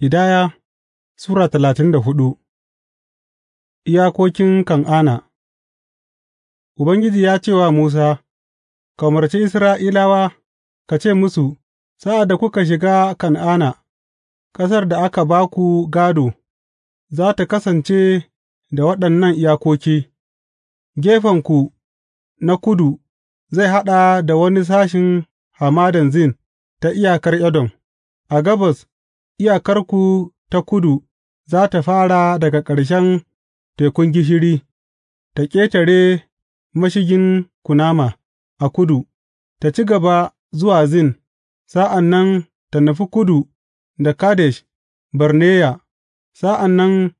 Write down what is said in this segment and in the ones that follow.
Ƙidaya Sura talatin da hudu Iyakokin Kan'ana Ubangiji ya ce wa Musa, Ka umarci Isra'ilawa, ka ce musu, Sa'ad da kuka shiga Kan'ana, ƙasar da aka ba ku gado za ta kasance da waɗannan iyakoki, gefenku na kudu zai haɗa da wani sashin Hamadan Zin ta iyakar Edom, a gabas. Iyakarku ta kudu za tă fara daga ƙarshen Tekun Gishiri, ta ƙetare Mashigin Kunama a kudu, ta ci gaba zuwa Zin, sa'an nan ta nufi kudu da Kadesh Barneya, sa'an nan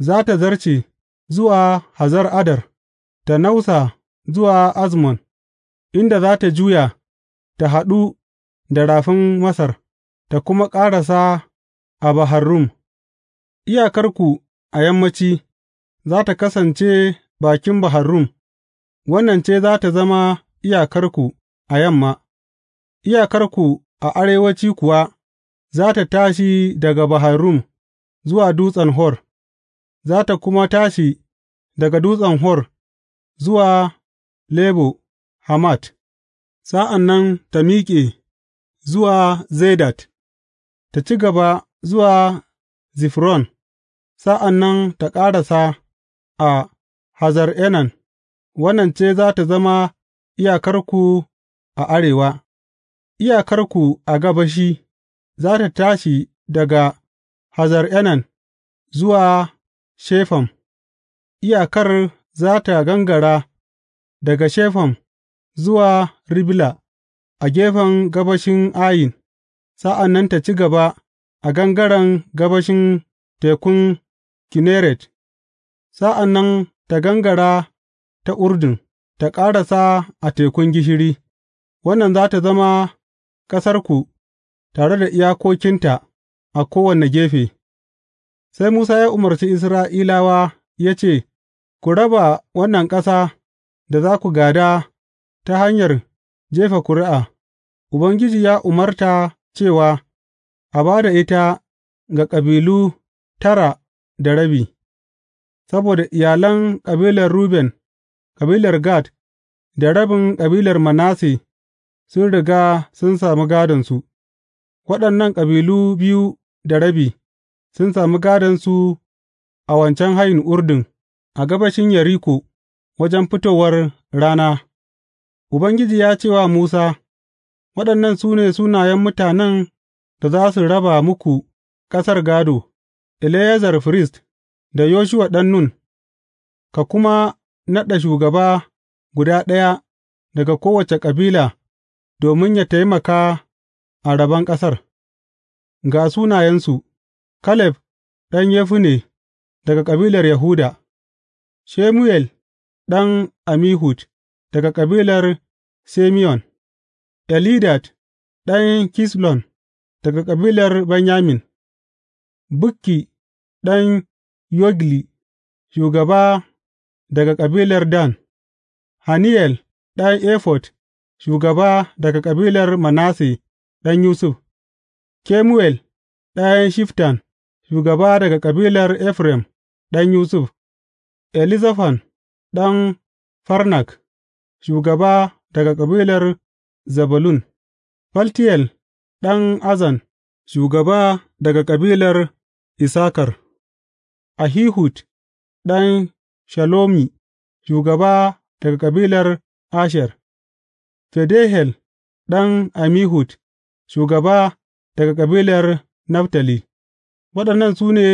za tă zarce zuwa Hazar adar ta nausa zuwa Azmon, inda za ta juya ta haɗu da Rafin Masar. ta kuma ƙarasa a Bahar Rum, iyakarku a yammaci za tă kasance bakin Bahar Rum, wannan ce za tă zama iyakarku a yamma, iyakarku a arewaci kuwa za tă tashi daga Bahar Rum zuwa Dutsen Hor, za tă kuma tashi daga Dutsen Hor zuwa Lebo Hamat, sa'an nan ta miƙe zuwa zedat ta ci gaba zuwa Zifron, sa'an nan ta ƙarasa a Hazar Enan, wannan ce za tă zama iyakarku a arewa, iyakarku a gabashi za tă tashi daga Hazar Enan zuwa Shefam, iyakar za tă gangara daga Shefam zuwa Ribla a gefen gabashin Ayin. sa'an nan ta ci gaba a gangaren gabashin Tekun Kinneret, sa'an nan ta gangara ta Urdun, ta ƙarasa a Tekun Gishiri, wannan za tă zama ƙasarku tare da iyakokinta a kowane gefe. Sai Musa ya umarci Isra'ilawa ya ce, Ku raba wannan ƙasa da za ku gada ta hanyar jefa ƙuri'a, Ubangiji ya umarta cewa a ba da ita ga kabilu tara da rabi, saboda iyalan kabilar Ruben, kabilar Gad da rabin kabilar Manasse sun riga sun sami gādonsu, waɗannan kabilu biyu da rabi sun sami gādonsu a wancan hayin Urdun, a gabashin Yeriko, wajen fitowar rana, Ubangiji ya ce wa Musa. Waɗannan su ne sunayen mutanen da za su raba muku ƙasar gādo, Eleyazar firist da Yoshuwa ɗan Nun, ka kuma naɗa shugaba guda ɗaya daga kowace ƙabila domin ya taimaka a rabon ƙasar. Ga sunayensu, Kaleb ɗan Yefunne daga kabilar Yahuda, Shemuel ɗan Ammihud daga kabilar Simeyon. Elidad ɗan Kislon daga kabilar Benyamin; Bukki ɗan Yogli, shugaba daga kabilar Dan; Haniyel ɗan Efod, shugaba daga kabilar Manasse ɗan Yusuf; Kemuwel ɗan Shiftan, shugaba daga kabilar Efraim ɗan Yusuf; Elizafan ɗan Farnak, shugaba daga kabilar Zebulun Faltiyel ɗan Azan, shugaba daga kabilar isakar Ahihud ɗan shalomi shugaba daga kabilar Asher; fedehel ɗan amihud shugaba daga kabilar Naftali Waɗannan su ne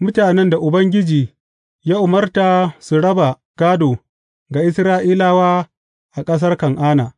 mutanen da Ubangiji ya umarta su raba gado ga Isra'ilawa a ƙasar Kan'ana.